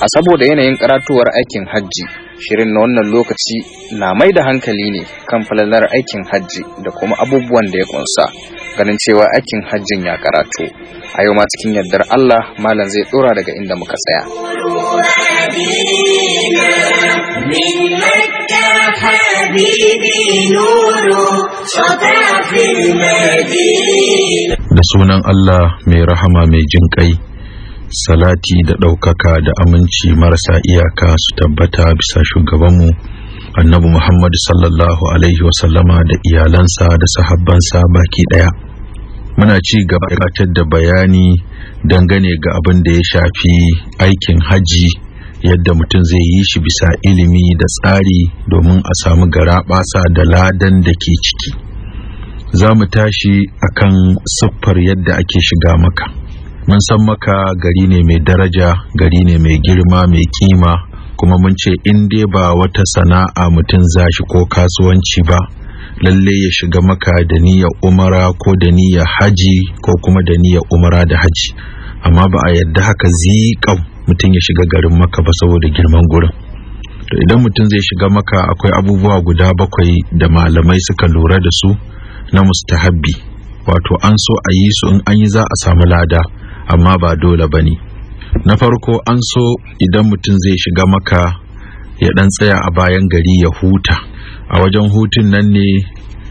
A saboda yanayin karatuwar aikin hajji, shirin na wannan lokaci na mai da hankali ne kan falalar aikin hajji da kuma abubuwan da ya kunsa. ganin cewa aikin hajjin ya karatu a yau ma cikin yardar Allah malam zai tsora daga inda muka tsaya da sunan Allah mai rahama mai jin ƙai, salati da ɗaukaka da aminci marasa iyaka su tabbata bisa shugabanmu annabi Muhammad sallallahu alaihi wasallama da iyalansa da sahabbansa baki ɗaya. muna ci gaba gabatar da bayani dangane ga abin da ya shafi aikin haji yadda mutum zai yi shi bisa ilimi da tsari domin a samu garaɓasa da ladan da ke ciki za mu tashi a kan siffar yadda ake shiga maka mun san maka gari ne mai daraja gari ne mai girma mai kima kuma mun ce in dai ba wata sana'a mutum zashi ko kasuwanci ba lalle ya shiga maka da niyya umara ko da niyya haji ko kuma da niyya umara da haji amma ba a yadda haka ziƙan mutum ya shiga garin maka ba saboda girman gurin to idan mutum zai shiga maka akwai abubuwa guda bakwai da malamai suka lura da su na mustahabbi wato an so a yi su in an yi za a samu lada amma ba dole ba ne na farko an so idan mutum zai shiga maka ya dan tsaya a bayan gari ya huta a wajen hutun nan ne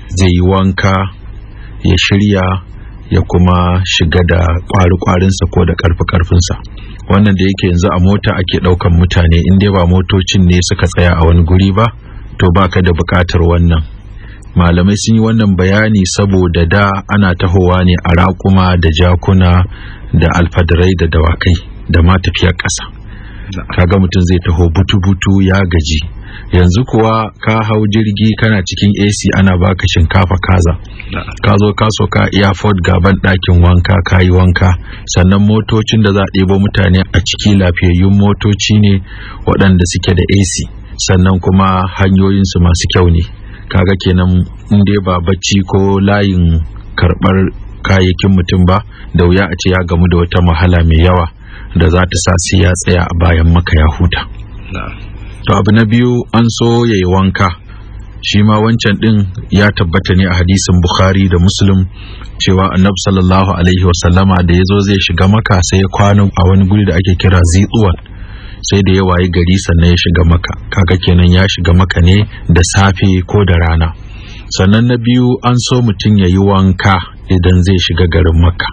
zai yi wanka ya shirya ya kuma shiga da kwari-kwarinsa ko da karfi-karfinsa wannan da yake yanzu a mota ake daukan mutane in dai ba motocin ne suka tsaya a wani guri ba to baka da bukatar wannan malamai sun yi wannan bayani saboda da ana tahowa ne a raƙuma da jakuna da alfadarai da dawakai da ma tafiyar ƙasa kaga mutum zai taho butu-butu ya gaji yanzu kuwa ka hau jirgi kana cikin ac ana baka shinkafa kaza ka zo ka so ka iya Ford gaban ɗakin wanka ka yi wanka sannan motocin da za a ɗebo mutane a ciki lafiyayyun motoci ne waɗanda suke da ac sannan kuma hanyoyinsu masu kyau ne kaga kenan in dai ba bacci ko layin karɓar kayayyakin mutum ba da wuya a ce ya gamu da wata mahala mai yawa da za ta sa sai ya tsaya a bayan maka ya huta to abu na biyu an so ya yi wanka shi ma wancan din ya tabbata ne a hadisin bukhari da muslim cewa annabi sallallahu alaihi wasallama da ya zo zai shiga maka sai ya kwana a wani guri da ake kira zitsuwan sai da ya wayi gari sannan ya shiga maka kaga kenan ya shiga maka ne da safe ko da rana sannan na biyu an so mutum ya yi wanka idan zai shiga garin maka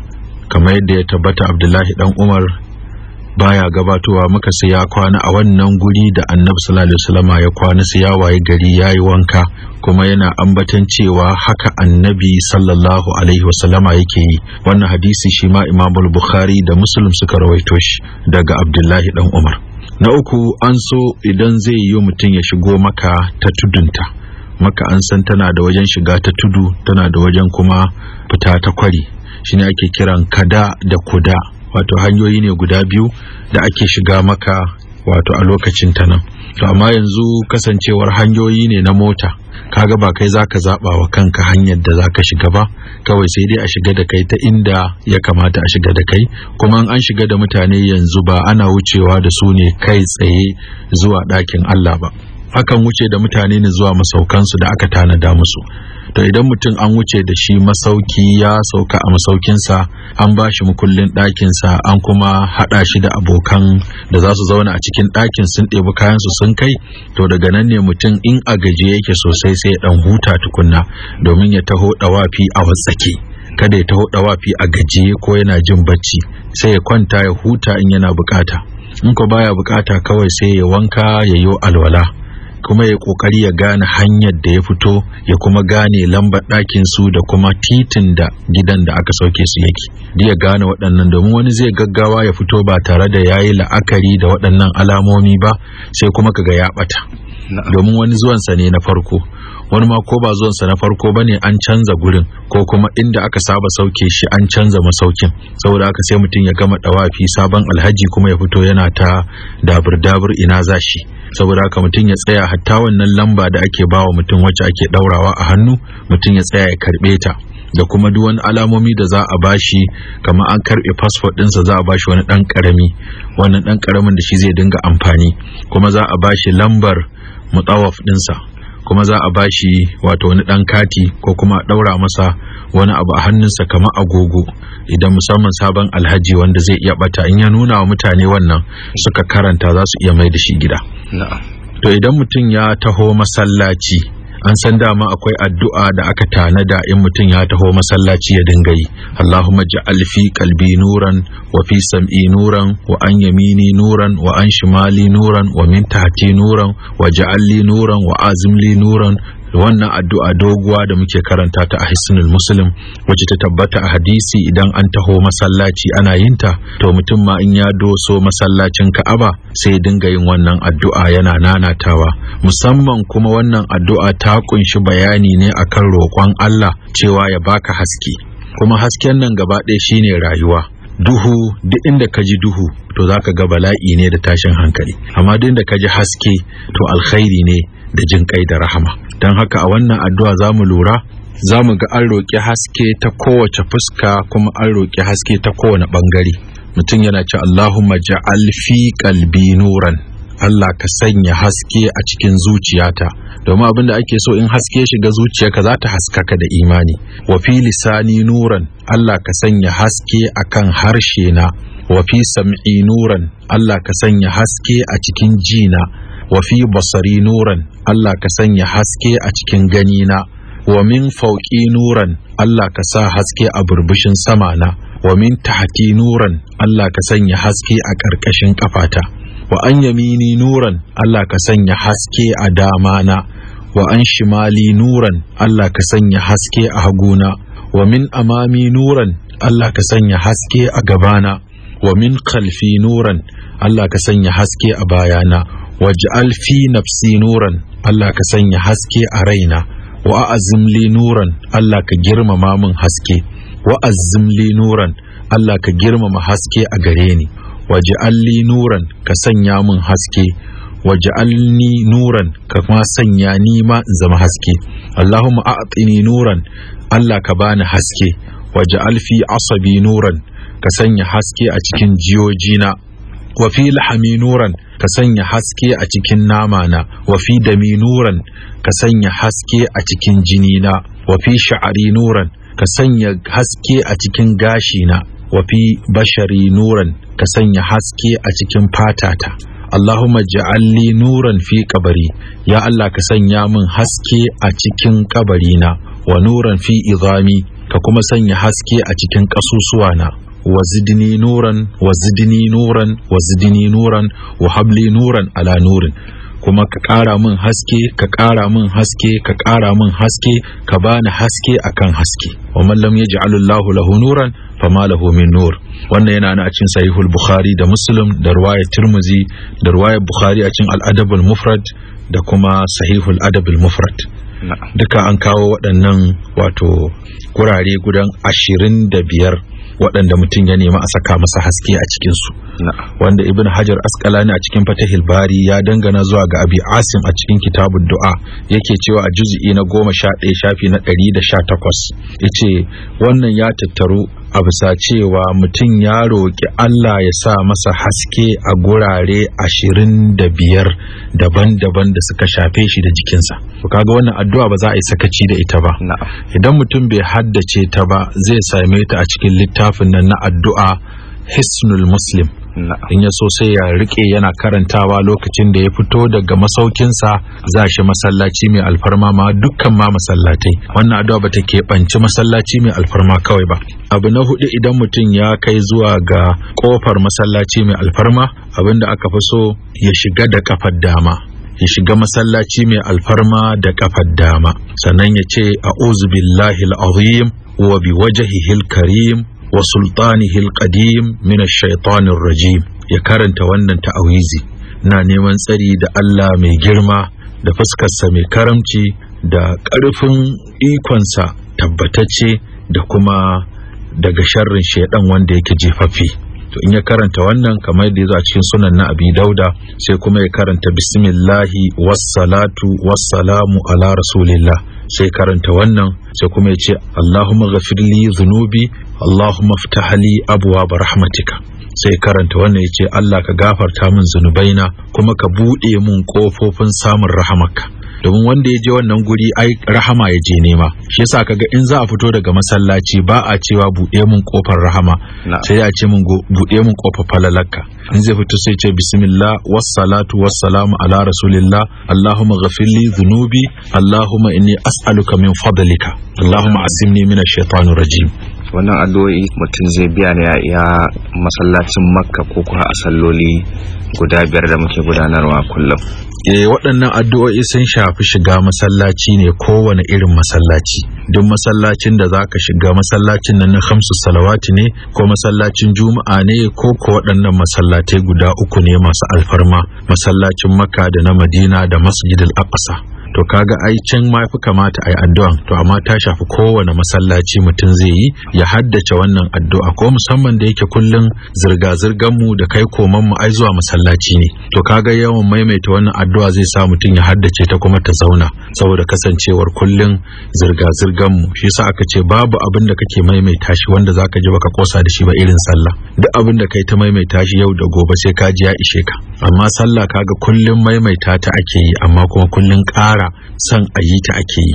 kamar yadda ya tabbata abdullahi dan umar baya gabatowa muka sai ya kwana a wannan guri da annabi sallallahu alaihi wasallama ya kwana sai ya waye gari yayi wanka kuma yana ambatan cewa haka annabi sallallahu alaihi wasallama yake yi wannan hadisi shi ma imam bukhari da muslim suka rawaito shi daga abdullahi dan umar na uku an so idan zai yi mutum ya shigo maka ta tudunta maka an san tana da wajen shiga ta tudu tana da wajen kuma fita ta kwari shine ake kiran kada da kuda wato hanyoyi ne guda biyu da ake shiga maka wato a lokacin ta nan to amma yanzu kasancewar hanyoyi ne na mota kaga ba kai zaka zaba wa kanka hanyar da zaka shiga ba kawai sai dai a shiga da kai ta inda ya kamata a shiga da kai kuma an shiga da mutane yanzu ba ana wucewa da su ne kai tsaye zuwa ɗakin Allah ba akan wuce da mutane ne zuwa masaukansu da aka tanada musu to idan mutum an wuce da shi masauki ya sauka a masaukinsa an ba shi mukullin ɗakinsa an kuma haɗa shi da abokan da za su zauna a cikin ɗakin sun ɗebi kayansu sun kai to daga nan ne mutum in a gajiye yake sosai sai ya ɗan huta tukunna domin ya taho ɗawafi a watsake kada ya taho ɗawafi a gajiye ko yana jin bacci sai ya kwanta ya huta in yana bukata in ko baya bukata kawai sai ya wanka ya yi alwala kuma ya kokari ya gane hanyar da ya fito ya kuma gane lambar ɗakin su da kuma titin da gidan da aka sauke su yake da ya gane waɗannan domin wani zai gaggawa ya fito ba tare da ya yi la'akari da waɗannan alamomi ba sai kuma ka ga ya ɓata domin wani zuwansa ne na farko wani ma ko ba zuwansa na farko bane an canza gurin ko kuma inda aka saba sauke shi an canza masaukin saboda haka sai mutum ya gama dawafi sabon alhaji kuma ya fito yana ta dabur dabur ina zashi saboda haka mutum ya tsaya hatta wannan lamba da ake bawa mutum wacce ake daurawa a hannu mutum ya tsaya ya karbe ta da kuma duk wani alamomi da za a bashi kamar an karbe passport dinsa za a bashi wani dan karami wannan dan karamin da shi zai dinga amfani kuma za a bashi lambar mutawaf dinsa kuma za a bashi wato wani ɗan kati ko kuma a ɗaura masa wani abu a hannunsa kamar agogo idan musamman sabon alhaji wanda zai iya bata in ya nuna wa mutane wannan suka karanta za su iya mai da shi gida to idan mutum ya taho masallaci an san dama akwai addu'a da aka tanada in mutum ya taho masallaci ya dinga yi Allahumma ja'al fi qalbi nuran wa fi sam'i nuran wa an yamini nuran wa an shimali nuran wa min tahti nuran wa ja'al li nuran wa azim li nuran wannan addu'a doguwa da muke karanta ta a hisnul muslim wacce ta tabbata a hadisi idan an taho masallaci ana yinta, to mutum ma in ya doso masallacin ka'aba sai dinga yin wannan addu'a yana nanatawa musamman kuma wannan addu'a ta kunshi bayani ne akan roƙon Allah cewa ya baka haske kuma hasken nan gaba ɗaya shine rayuwa duhu duk inda ka ji duhu to za ka ga bala'i ne da tashin hankali amma duk inda ka ji haske to alkhairi ne da jin kai da rahama don haka a wannan addu'a za mu lura za mu ga an roƙi haske ta kowace fuska kuma an roƙi haske ta kowane ɓangare mutum yana ce Allahu ja'al fi nuran Allah ka sanya haske a cikin zuciyata domin abin da ake so in haske shiga zuciyarka za ta haskaka da imani wa fi lisani nuran Allah ka sanya haske a kan harshe na wa fi sam'i nuran Allah ka sanya haske a cikin jina wa fi basari nuran Allah ka sanya haske a cikin ganina wa min fauƙi nuran Allah ka sa haske a burbushin samana wa min tahti nuran Allah ka sanya haske a ƙarƙashin ƙafata wa an yamini nuran Allah ka sanya haske a damana wa an shimali nuran Allah ka sanya haske a haguna wa min amami nuran Allah ka sanya haske a gabana wa min khalfi nuran Allah ka sanya haske a bayana waj'al fi nafsi nuran Allah ka sanya haske a raina wa a'zim li nuran Allah ka girmama min haske wa azim li nuran Allah ka girmama haske a gare ni waj'al li nuran ka sanya mun haske ni nuran ka kuma sanya ni ma in zama haske Allahumma a'tini nuran Allah ka bani haske waj'al fi asabi nuran ka sanya haske a cikin jiyojina Wafi fi lahami nuran ka sanya haske a cikin nama na Wafi dami nuran ka sanya haske a cikin jini na wa fi sha'ari nuran ka sanya haske a cikin gashi na wa fi bashari nuran ka sanya haske a cikin fatata Allahumma ja'alli nuran fi kabari ya Allah ka sanya min haske a cikin na. wa nuran fi izami ka kuma sanya haske a cikin kasusuwana وزدني نورا وزدني نورا وزدني نورا وهبلي نورا على نور kuma ka ƙara min haske ka ƙara min haske ka ƙara min haske ka bani haske akan haske wa ya lam yaj'alillahu lahu nuran fama lahu min nur wannan yana na a cikin sahihul bukhari da muslim da riwayat tirmizi da riwayat bukhari a cikin al-adab mufrad da kuma sahihul adab mufrad duka an kawo waɗannan wato kurare gudan ashirin da biyar waɗanda mutum ya nema a saka masa haske a cikinsu wanda ibn hajar askalani a cikin fatahil bari ya dangana zuwa ga abi asim a cikin kitabun du'a yake cewa a juzi'i na goma sha ɗaya shafi na ɗari da sha takwas Ice wannan ya tattaru a bisa cewa mutum ya roƙi Allah ya sa masa haske a gurare ashirin da biyar daban-daban da suka shafe shi da jikinsa. kaga wannan addu'a ba za a yi sakaci da ita ba. Idan mutum bai haddace ta ba zai same ta a cikin littafin nan na addu'a Hisnul Muslim. in ya so sai ya rike yana karantawa lokacin da ya fito daga masaukinsa za shi masallaci mai alfarma ma dukkan ma masallatai wannan addu'a ke keɓanci masallaci mai alfarma kawai ba abu na hudu idan mutum ya kai zuwa ga kofar masallaci mai alfarma abinda aka fi so ya shiga da kafar dama ya shiga masallaci mai alfarma da kafar dama sannan ya ce a'udhu billahi al-azim wa bi wajhihi al-karim wa sultanihi alqadim min ash-shaytanir rajim ya karanta wannan ta'awizi na neman tsari da Allah mai girma da fuskarsa mai karamci da ƙarfin ikonsa tabbatacce da kuma daga sharrin shaidan wanda yake jefafi to in ya karanta wannan kamar yadda yazo a cikin sunan na abi dauda sai kuma ya karanta bismillahi wassalatu wassalamu ala rasulillah sai karanta wannan sai kuma ya ce allahumma ghafirli zunubi Allahumma ftah li abwaab rahmatika sai karanta wannan yace Allah ka gafarta min zunubaina kuma ka bude mun kofofin samun rahamaka domin wanda ya je wannan guri ai rahama ya je nema shi yasa kaga in za a fito daga masallaci ba a cewa bude mun kofar rahama sai a ce mun bude mun kofar falalaka in zai fito sai ce bismillah wassalatu wassalamu ala rasulillah allahumma ghafirli dhunubi allahumma inni as'aluka min fadlika allahumma asimni min ash rajim wannan addu'o'i mutum zai biya ne a masallacin makka ko kuma a salloli guda biyar da muke gudanarwa kullum eh waɗannan addu'o'i sun shafi shiga masallaci ne kowane irin masallaci duk masallacin da zaka shiga masallacin nan na hamsu salawati ne ko masallacin juma'a ne ko ko waɗannan masallatai guda uku ne masu alfarma masallacin makka da na madina da masjidil aqsa to kaga ai can ma fi kamata ai addu'an to amma ta shafi kowane masallaci mutum zai yi ya haddace wannan addu'a ko musamman da yake kullun zirga zirgan mu da kai koman mu ai zuwa masallaci ne to kaga yawan maimaita wannan addu'a zai sa mutum ya haddace ta kuma ta zauna saboda kasancewar kullun zirga zirgan mu shi yasa aka ce babu abin da kake maimaita shi wanda zaka ji baka kosa da shi ba irin sallah duk abin da kai ta maimaita shi yau da gobe sai ka ji ya ishe ka amma sallah kaga kullun maimaita ta ake yi amma kuma kullun ƙara san a yi ta ake yi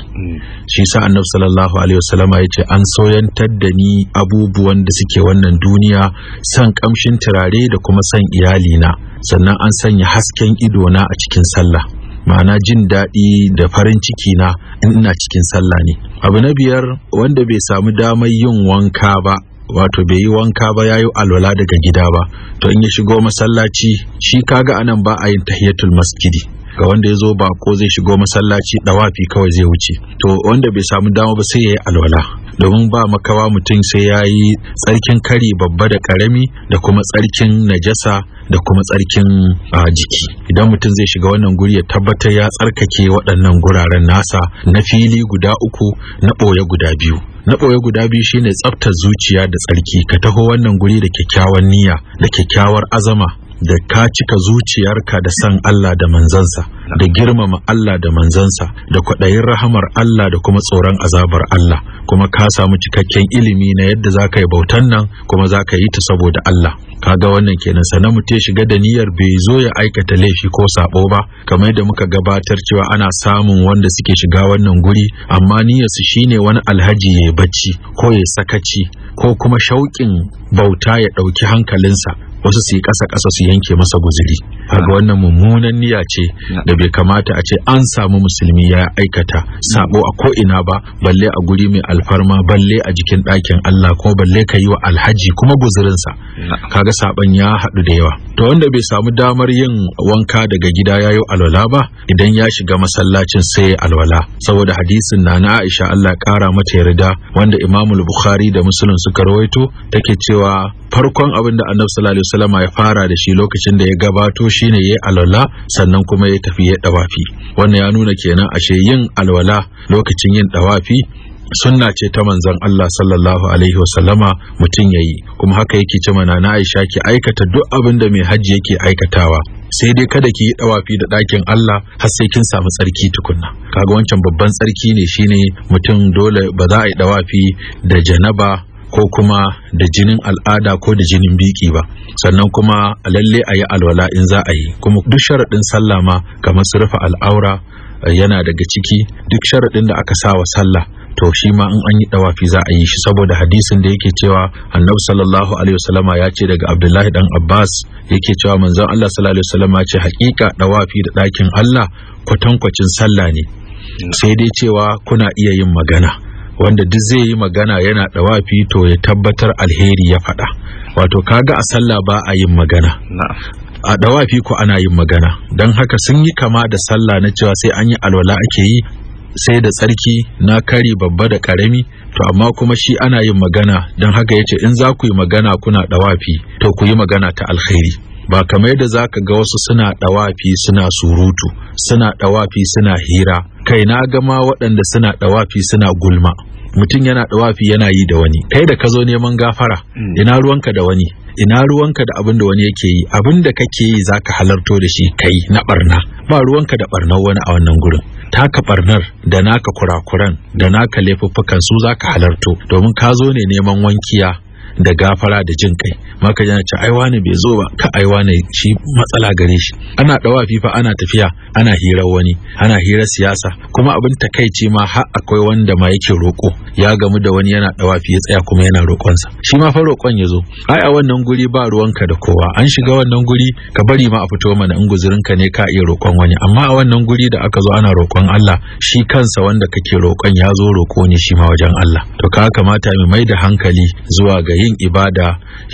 shi sa annabi sallallahu alaihi wasallama ya ce an soyantar da ni abubuwan da suke wannan duniya san kamshin turare da kuma san iyalina sannan an sanya hasken ido na a cikin sallah ma'ana jin daɗi da farin ciki na ina cikin sallah ne abu na biyar wanda bai samu damar yin wanka ba wato bai yi wanka ba ya yi alwala daga gida ba to in ya shigo masallaci shi kaga anan ba a yin tahiyatul masjidi ga wanda ya zo ba ko zai shigo masallaci dawafi kawai zai wuce to wanda bai samu dama ba sai ya yi alwala domin ba makawa mutum sai ya yi tsarkin kari babba da karami da kuma tsarkin najasa da kuma tsarkin jiki idan mutum zai shiga wannan guri ya tabbatar ya tsarkake waɗannan guraren nasa na fili guda uku na ɓoye guda biyu na ɓoye guda biyu shine tsaftar zuciya da tsarki ka taho wannan guri da kyakkyawan niyya da kyakkyawar azama da ka cika zuciyarka da san Allah da manzansa da girmama Allah da manzansa da kwaɗayin rahamar Allah da kuma tsoron azabar Allah kuma ka samu cikakken ilimi na yadda za ka yi bautan nan kuma za ka yi ta saboda Allah Ka ga wannan kenan sana mutum shiga da niyyar bai zo ya aikata laifi ko sabo ba kamar da muka gabatar cewa ana samun wanda suke shiga wannan guri amma su shine wani alhaji ya bacci ko ya sakaci ko kuma shauƙin bauta ya ɗauki hankalinsa wasu su yi ƙasa ƙasa su yanke masa guziri kaga wannan mummunan niyya ce da bai kamata a ce an samu musulmi ya aikata sabo a ko ina ba balle a guri mai alfarma balle a jikin ɗakin Allah ko balle ka yi wa alhaji kuma Ka kaga saban ya haɗu da yawa to wanda bai samu damar yin wanka daga gida ya alwala ba idan ya shiga masallacin sai ya alwala saboda hadisin na na Aisha Allah ƙara mata yarda wanda Imamul Bukhari da Muslim suka rawaito take cewa farkon abin da Annabi sallallahu sallama ya fara da shi lokacin da ya gabato shine yayi alwala sannan kuma ya tafi ya dawafi wannan ya nuna kenan ashe yin alwala lokacin yin dawafi sunna ce ta manzon Allah sallallahu alaihi wasallama mutum yayi kuma haka yake ce mana na Aisha ki aikata duk abin da mai hajji yake aikatawa sai dai kada ki yi dawafi da ɗakin Allah har sai kin samu tsarki tukunna kaga wancan babban tsarki ne shine mutum dole ba za a yi dawafi da janaba ko kuma da jinin al'ada ko da jinin biki ba sannan kuma a lalle a yi alwala in za a yi kuma duk sharaɗin sallah ma kamar su rufe al'aura eh, yana daga ciki duk sharaɗin da aka sa wa sallah to shi ma in an yi ɗawafi za a yi shi saboda hadisin da yake cewa annabi sallallahu alaihi wasallama ya ce daga abdullahi dan abbas yake cewa manzon allah sallallahu alaihi wasallama ya ce hakika dawafi da ɗakin allah kwatankwacin sallah ne mm. sai dai cewa kuna iya yin magana wanda duk zai yi magana yana dawafi to ya tabbatar alheri ya faɗa wato kaga a sallah ba a yin magana a dawafi ko ana yin magana don haka sun yi kama da sallah na cewa sai an yi alwala ake yi sai da tsarki na kari babba da karami to amma kuma shi ana yin magana don haka yace in za ku yi magana kuna dawafi to ku yi magana ta alheri ba kamar yadda za ka ga wasu suna ɗawafi suna surutu suna ɗawafi suna hira kai na gama waɗanda suna ɗawafi suna gulma mutum yana ɗawafi yana yi da wani kai da ka zo neman gafara mm. ina ruwanka da wani ina ruwanka da abin da wani yake yi abin da kake yi za ka halarto da shi kai na barna ba ruwanka da barnar wani a wannan gurin taka barnar da naka kurakuran da naka laifuffukan su za ka halarto domin ka zo ne neman wankiya da gafara da jin kai maka yana ce aiwa ne bai zo ba ka aiwa ne shi matsala gare shi ana dawa fifa ana tafiya ana hirar wani ana hirar siyasa kuma abin takaici ma har akwai wanda ma yake roko ya gamu da wani yana dawa ya tsaya kuma yana roƙonsa shi ma fa roƙon ya zo ai a wannan guri ba ruwanka da kowa an shiga wannan guri ka bari ma a fito mana in guzurinka ne ka iya roƙon wani amma a wannan guri da aka zo ana roƙon Allah shi kansa wanda kake roƙon ya zo roƙo ne shi ma wajen Allah to ka kamata mai mai da hankali zuwa ga yin ibada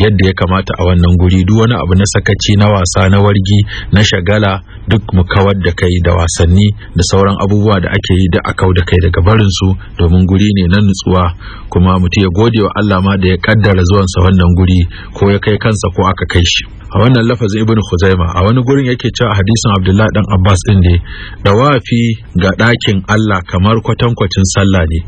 yadda ya kamata a wannan guri duk wani abu na sakaci na wasa na wargi na shagala duk mu kawar da kai da wasanni da sauran abubuwa da ake yi da a kau da kai daga barin su domin guri ne na nutsuwa kuma mutum ya gode wa Allah ma da ya kaddara zuwansa wannan guri ko ya kai kansa ko aka kai shi a wannan lafazin ibnu Khuzaima a wani gurin yake cewa hadisin Abdullahi dan Abbas din ne dawafi ga dakin Allah kamar kwatankwacin sallah ne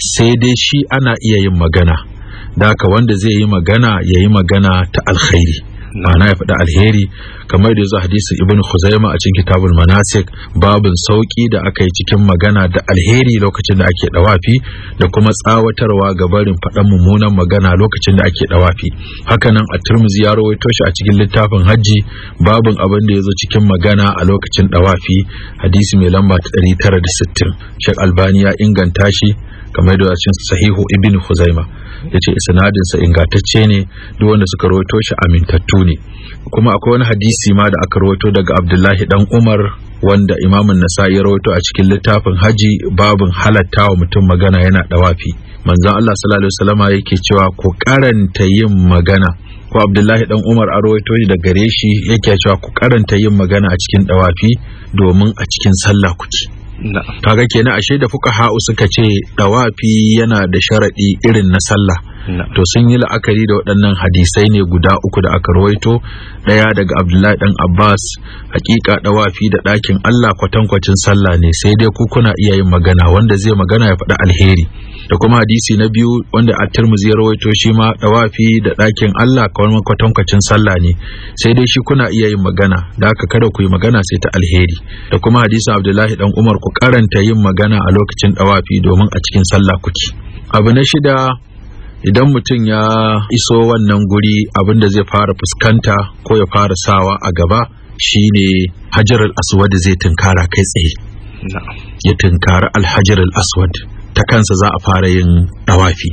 sai dai shi ana iya yin magana da wanda zai yi magana ya yi magana ta alkhairi ma'ana ya faɗi alheri kamar da zuwa hadisin ibn khuzaima a cikin kitabul manasik babin sauki da aka yi cikin magana da alheri lokacin da ake dawafi da kuma tsawatarwa ga barin faɗan mummunan magana lokacin da ake dawafi nan, a turmuzi ya rawaito shi a cikin littafin hajji babin abin da ya zo cikin magana a lokacin dawafi hadisi mai lamba ta 960 shek albani ya inganta shi kamar da cikin sahihu ibn khuzaima yace isnadin sa ingantacce ne duk wanda suka rawaito shi amintattu ne kuma akwai wani hadisi ma da aka rawaito daga abdullahi dan umar wanda imamun nasa'i ya rawaito a cikin littafin haji babin halatta wa mutum magana yana dawafi manzon Allah sallallahu alaihi wasallama yake cewa ku karanta yin magana ko abdullahi dan umar a rawaito da gare shi yake cewa ku karanta yin magana a cikin dawafi domin a cikin sallah kuke kaga kenan ashe da fuka ha'u suka ce dawafi yana da sharaɗi irin na sallah to sun yi la'akari da waɗannan hadisai ne guda uku da aka rawaito ɗaya daga abdullahi ɗan abbas hakika ɗawafi da ɗakin allah kwatankwacin sallah ne sai dai ku kuna iya yin magana wanda zai magana ya faɗi alheri da kuma hadisi na biyu wanda a tirmizi ya rawaito shi ma ɗawafi da ɗakin allah kawai kwatankwacin sallah ne sai dai shi kuna iya yin magana da aka kada ku yi magana sai ta alheri da kuma hadisin abdullahi ɗan umar ku karanta yin magana a lokacin ɗawafi domin a cikin sallah kuke abu na shida idan mutum ya iso wannan guri abinda zai fara fuskanta ko ya fara sawa a gaba shi ne al-aswad zai tunkara kai tsaye ya tunkari al aswad ta kansa za a fara yin dawafi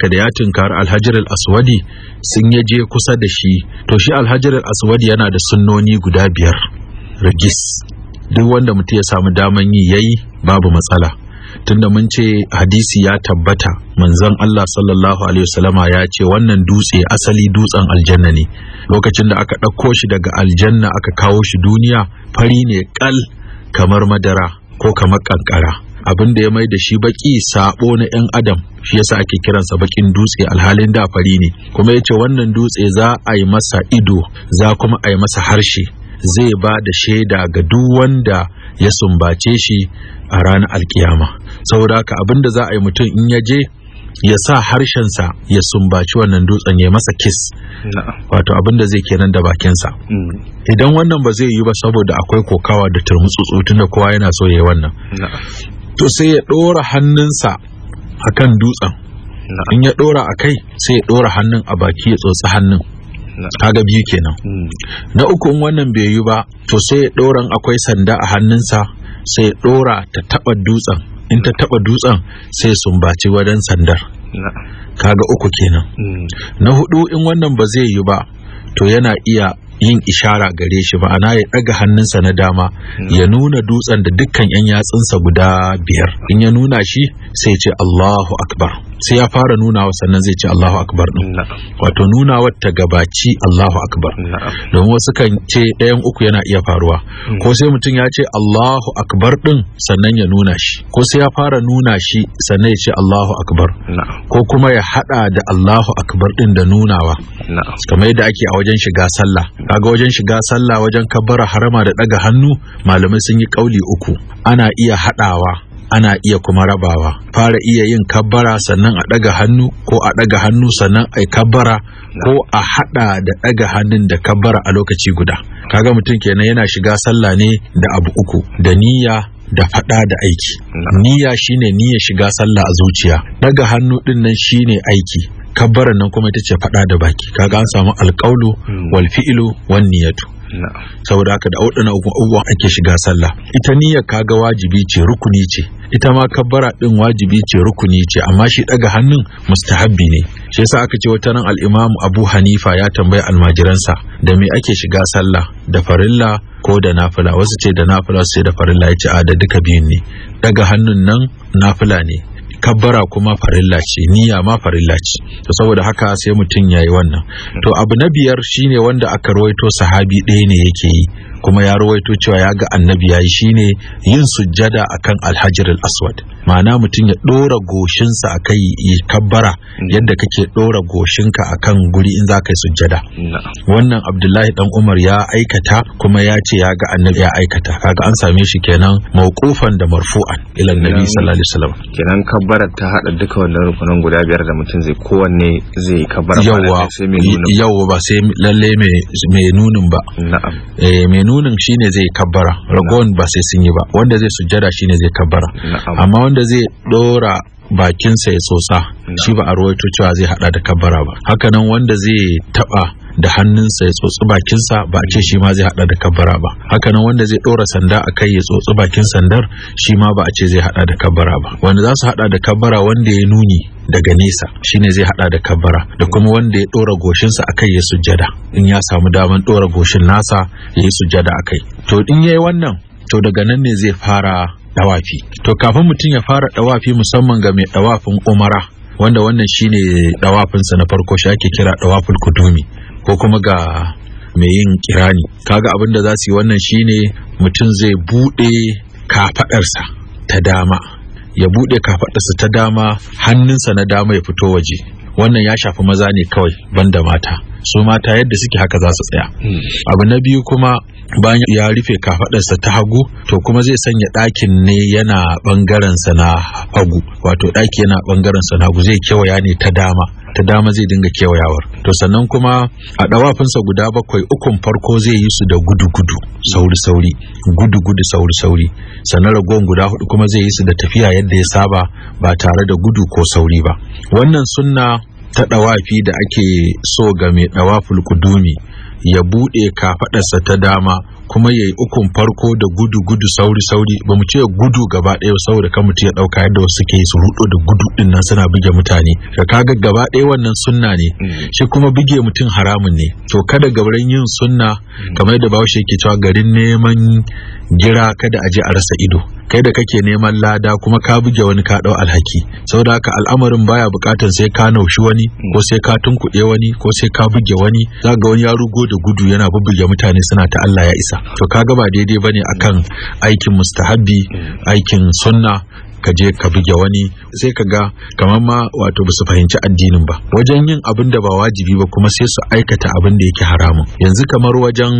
ka da ya tunkari al al-aswadi sun yaje kusa da shi to shi al aswadi yana da sunnoni guda biyar rigis duk wanda mutum ya samu daman yi yayi babu matsala tunda mun ce hadisi ya tabbata manzon Allah sallallahu alaihi wasallama ya ce wannan dutse asali dutsen aljanna ne lokacin da aka ɗauko shi daga aljanna aka kawo shi duniya fari ne kal kamar madara ko kamar kankara abin da ya mai da shi baki sabo na yan adam shi yasa ake kiransa bakin dutse alhalin da fari ne kuma yace wannan dutse za a yi masa ido za kuma a yi masa harshe zai ba da shaida ga duk wanda ya sumbace shi a ranar alkiyama saboda haka abin da za a yi mutum in ya je ya sa harshen sa ya sumbaci wannan dutsen ya masa kiss wato abin zai kenan da bakinsa hmm. idan wannan ba zai yi ba saboda akwai kokawa da turmutsutsu tunda kowa yana so ya wannan to sai ya ɗora hannunsa akan dutsen in ya ɗora a kai sai ya ɗora hannun a baki ya tsotsi hannun kaga biyu kenan hmm. na uku in wannan bai yi ba to sai ya ɗoran akwai sanda a hannunsa sai ɗora ta taɓa dutsen in ta taɓa dutsen sai sumbaci wajen sandar kaga uku kenan mm. na hudu in wannan ba zai yi ba to yana iya yin ishara gare shi ma'ana ya ɗaga hannunsa na dama mm. ya nuna dutsen da dukkan 'yan yatsunsa guda biyar in ya nuna shi sai ce allahu akbar sai ya fara nunawa sannan zai ce Allahu akbar din wato nunawar ta gabaci Allahu akbar domin wasu kan ce ɗayan uku yana iya faruwa hmm. ko sai mutum ya ce Allahu akbar din sannan ya nuna shi ko sai ya fara nuna shi sannan ya ce Allahu akbar ko kuma ya hada da Allahu akbar din da nunawa kamar yadda ake a wajen shiga sallah kaga wajen shiga sallah wajen kabbara harama da daga hannu malamai sun yi kauli uku ana iya hadawa ana iya kuma rabawa fara iya yin kabbara sannan a ɗaga hannu ko a ɗaga hannu sannan a kabbara ko a haɗa da ɗaga hannun da kabbara a lokaci guda kaga mutum kenan yana shiga sallah ne da abu uku da niyya da faɗa da aiki niyya shine niyya shiga sallah a zuciya ɗaga hannu ɗin nan shine aiki kabbaran nan kuma ita ce faɗa da baki kaga an samu alƙaulu hmm. wal fi'lu wan niyyatu saboda haka da waɗannan abubuwan ake shiga sallah ita niyyar kaga wajibi ce rukuni ce ita ma kabbara din wajibi ce rukuni ce amma shi daga hannun mustahabbi ne shi yasa aka ce wata nan al-Imam Abu Hanifa ya tambayi almajiransa da me ake shiga sallah da farilla ko da nafila wasu ce da nafila su ce da farilla yace a da duka biyun ne daga hannun nan nafila ne kabbara kuma farilla ce niyya ma farilla ce to saboda haka sai mutum yayi wannan to abu na biyar shine wanda aka ruwaito sahabi ɗaya ne yake yi kuma ya rawaito cewa ya ga annabi ya yi shine yin sujjada akan alhajar aswad ma'ana mutum ya ɗora goshinsa a kai ya kabbara yadda kake ɗora goshinka a kan guri in za ka yi sujjada wannan abdullahi dan umar ya aikata kuma ya ce ya ga annabi ya aikata kaga an same shi kenan mawqufan da marfu'an ila annabi sallallahu alaihi wasallam kenan ta hada duka wannan rukunin guda biyar da mutum zai kowanne zai kabbara yawa yawa ba sai lalle mai nunin ba na'am eh nunin shine zai kabbara ragon ba sai sun yi ba wanda zai sujjada shine zai kabbara amma wanda zai dora bakinsa ya tsotsa shi ba a ruwaito cewa zai hada da kabbara ba hakanan wanda zai taba da hannunsa ya tsotsi bakinsa ba a ce shi ma zai hada da kabbara ba hakanan wanda zai dora sanda a kai ya tsotsi bakin sandar shi ma ba a ce zai hada da kabbara ba wanda za su hada da kabbara wanda ya nuni daga nesa shi ne zai hada da kabbara da kuma wanda ya dora goshinsa akai ya sujjada in ya samu daman dora goshin nasa ya yi sujjada akai to in yayi wannan to daga nan ne zai fara dawafi to kafin mutum ya fara dawafi musamman ga mai dawafin umara wanda wannan shine ɗawafinsa na farko shi ake kira dawaful kudumi ko kuma ga mai yin kirani kaga abin da za su yi wannan shine mutum zai bude kafadarsa ta dama ya bude kafadarsa ta dama hannunsa na dama ya fito waje wannan ya shafi maza ne kawai banda mata su mata yadda suke haka za su tsaya hmm. abu na biyu kuma bayan ya rufe kafadarsa ta hagu to kuma zai sanya ɗakin ne yana sa na hagu wato ɗaki yana sa na hagu zai kewaya ne ta dama ta dama zai dinga kewayawar to sannan kuma a ɗawafinsa guda bakwai ukun farko zai yi su da gudu-gudu sauri-sauri gudu-gudu sauri-sauri sannan ragowar guda hudu kuma zai yi su da tafiya yadda ya saba ba tare da gudu ko sauri ba wannan sunna ta ɗawafi da ake so ga mai ɗawaful kudumi ya buɗe kafaɗarsa ta dama kuma yayi ukun farko da gudu gudu sauri sauri ba mu ce gudu gaba ɗaya saboda kan mutum ya ɗauka yadda wasu suke su rudo da gudu din nan suna buge mutane ka ga gaba ɗaya wannan sunna ne mm. shi kuma buge mutum haramun ne to kada gabarin yin sunna mm. kamar da shi yake cewa garin neman gira kada a je a rasa ido kai da kake neman lada kuma ka buge wani ka dau alhaki saboda haka al'amarin baya bukatar sai ka naushi wani mm. ko sai ka tunkuɗe wani ko sai ka buge wani ga wani ya rugo da gudu yana bubbuge mutane suna ta Allah ya isa to kaga ba daidai bane akan aikin mustahabbi aikin sunna ka je ka buge wani sai ka ga kamar ma wato ba su fahimci addinin ba wajen yin abin da ba wajibi ba kuma sai su aikata abin da yake haramun yanzu kamar wajen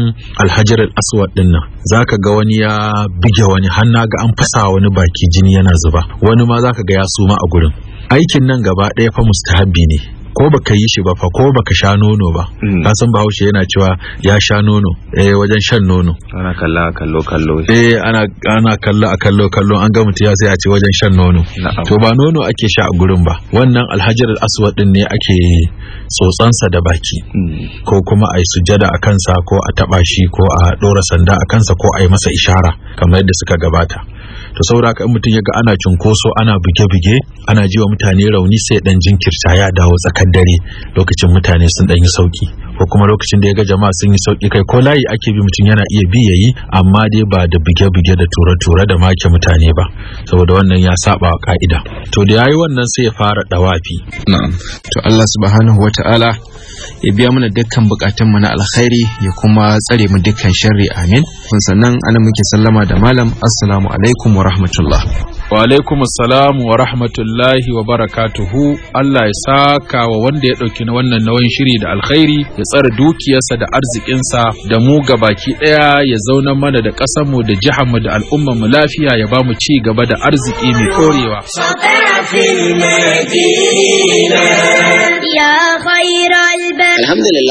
alhajar aswad din nan zaka ga wani ya buge wani hanna ga an fasa wani baki jini yana zuba wani ma zaka ga ya suma a gurin aikin nan gaba ɗaya fa mustahabbi ne ko baka yi shi ba fa ko baka sha nono ba hmm. ka san bahaushe yana cewa ya sha nono eh wajen shan nono ana kalla a kallo kallo eh ana ana kalla a kallo kallo an ga mutum ya sai a ce wajen shan nono to ba nono ake sha a gurin ba wannan alhajar aswad din ne ake tsotsan sa da baki hmm. ko kuma a sujada a kansa ko a taba shi ko a dora sanda a kansa ko a yi masa ishara kamar yadda suka gabata to saboda in mutum ya ana cunkoso ana buge-buge ana ji wa mutane rauni sai dan jinkirta ya dawo tsaka tsakar dare lokacin mutane sun ɗan yi sauki ko kuma lokacin da ya ga jama'a sun yi sauki kai ko layi ake bi mutum yana iya bi yayi amma dai ba da buge-buge da tura-tura da make mutane ba saboda wannan ya saba wa ka'ida to da yayi wannan sai ya fara dawafi na'am to Allah subhanahu wata'ala ya biya mana dukkan bukatun mu na alkhairi ya kuma tsare mu dukkan sharri amin sannan ana muke sallama da malam assalamu alaikum wa rahmatullah wa alaikum salamu wa rahmatullahi wa barakatuhu Allah ya saka wa wanda ya ɗauki na wannan nawan shiri da alkhairi ya tsara dukiyarsa da arzikinsa da mu baki ɗaya ya zauna mana da ƙasarmu da mu da al'ummarmu lafiya ya ba mu ci gaba da arziki mai korewa alhamdulillah